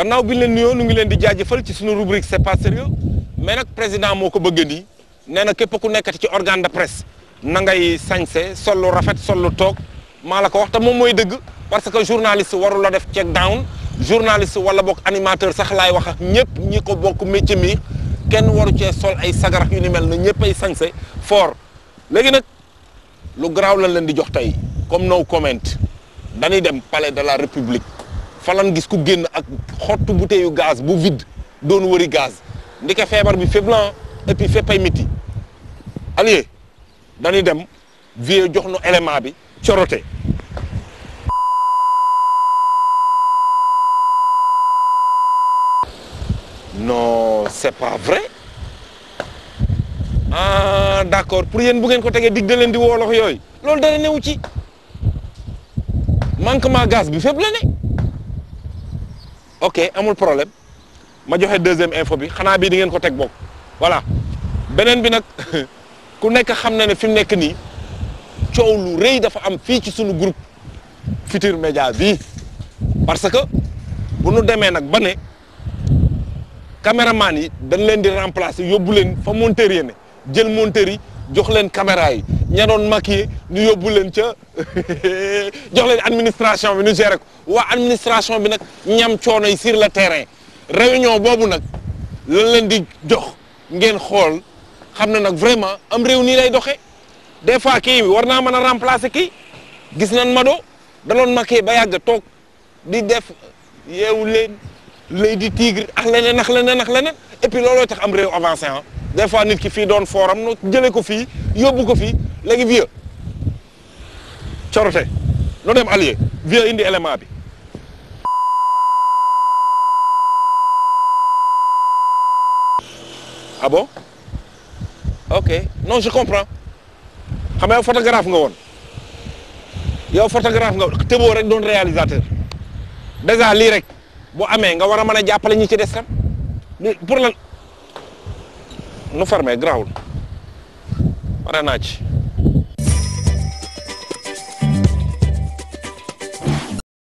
gannaaw bi leen nuyoo nu ngi leen di jaajëfal ci suñu rubrique c'est pas sérieux mais nag président moo ko bëgg nii nee na képp ku nekkati ci organ de presse na ngay sañse sol lu rafet sol lu toog maa la ko wax te moom mooy dëgg parce que journalist warul la def check down journaliste wala bokk animateur sax laay wax ak ñëpp ñi ko bokk métier mi kenn waru cee sol ay sagarax yu ni mel na ñëpp ay sañse foor léegi nag lu graaw lañ leen di jox tey comme no comment dañuy dem palais de la république falan gis ku génn ak xottu bouteille yu bu vide doon wëri gaz ndeke feebar bi fépp la et puis fépp ay miti allié dañuy dem vie jox nu élément bi corote non c'est pas vrai ah d'accord pour yéen bu ngeen ko tegee dig da leen di woolox yooyu loolu dara newu ci manquement gaz bi fépp la ne ok amul problème ma joxe deuxième info bi xanaa bii di ngeen ko teg bokk voilà beneen bi nag ku nekk xam na ne fi mu nekk nii coow lu rëy dafa am fii ci suñu groupe Futurs Médias bi parce que bu nu demee nag ba ne caméraman yi dan leen di remplacer yóbbu leen fa monteur yi jël monteur yi jox leen caméra yi ñanoon doon maquillé ñu yóbbu leen ca jox leen administration bi ñu géré ko waa administration bi nag ñam coono yi sur le terrain réunion boobu nag lan leen di jox ngeen xool xam na nag vraiment am réew nii lay doxee des fois kii war naa mën a remplacer kii gis nañ ma doo daloon maquillé ba yàgg toog di def yeewu leen lay di tigre ak leneen ak leneen ak leneen et puis looloo tax am réew avancé ah des fois nit ki fii doon fooram nu jëlee ko fii yóbbu ko fii léegi vieux corote noo dem allié vieux indi élément bi ah bon ok non je comprends xam nga yow photographe nga woon yow photographe nga woon tëboo rek doon réalisateur déjà lii rek boo amee nga war a mën a jàppale ñu ci des tam pour lan nu fermé grawul pare naa ci